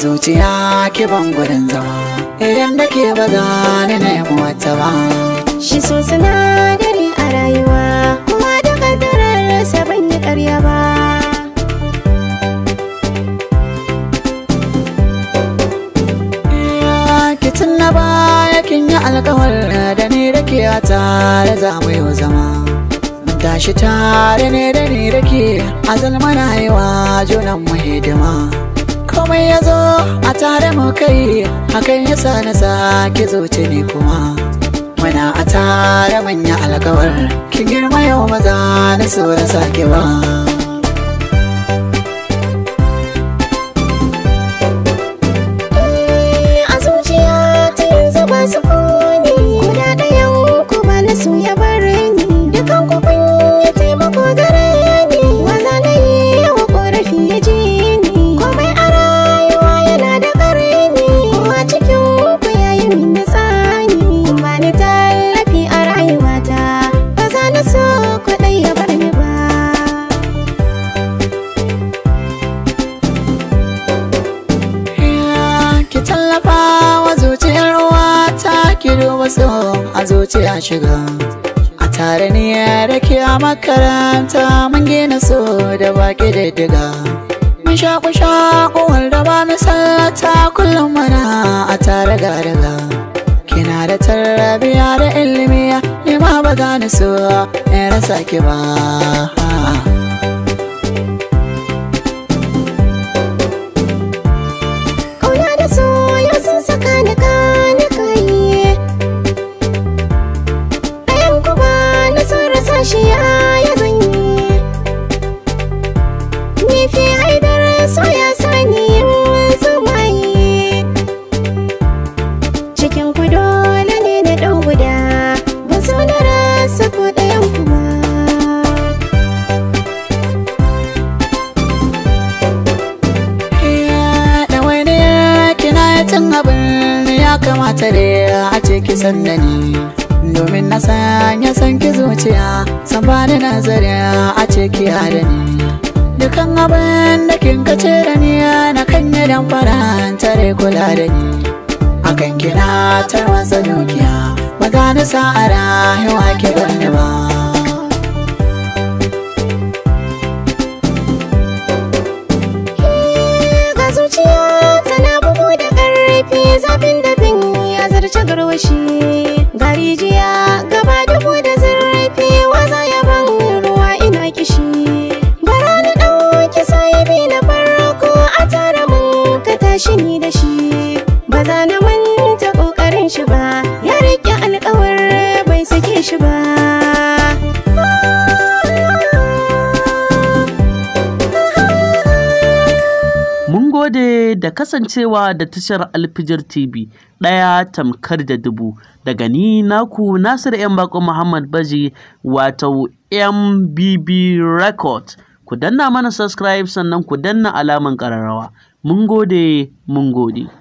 zuciya ki gurin zama idan da ke ba za ni na wata ba shi so sinadari a rayuwa kuma da kadarar rasa ban yi karya ba kitin na baya kin yi alkawar da ni da ke a tare za mu yi zama tashi tare ne da ni da ke azal mana junan mu hidima komai ya zo a tare mu kai hakan ya sa na sake zoce ne kuma muna a tare manya alkawar kin girma yau maza na so da lafa wa zuciyar ruwa ta ki duba su a zuciya shiga a tare ni ya rake a makaranta mun gina su da baki da diga mun shaku shaku wanda ba mu sallata kullum mana a tare ga daga kina da tarbiya da ilimi ni ma ba gane su in rasa ki ba matashiya ya zanyi Nifi haidar so ya sani zumaye Cikin ku dole ne na ɗan guda Ba so na rasa ko ɗayan kuma Tun abin ya kamata da a ce kisan da ni ki zuciya san bani nazariya a ce ki da ni dukan abin da kin kace da ni na kan yi dan faranta da kula da ni a kan kina tarwasa dukiya magana a rahiwa ke bani ba Zafin garwashi shi da shi ba za na manta ƙoƙarin shi ba ya riƙe alƙawar bai sake shi ba Mun gode da kasancewa da tashar alfijar TV ɗaya tamkar da dubu daga ni naku Nasiru 'yan bako Muhammad Baji wato MBB Record. ku danna mana subscribe sannan ku danna alaman ƙararrawa. Mun gode, mun gode.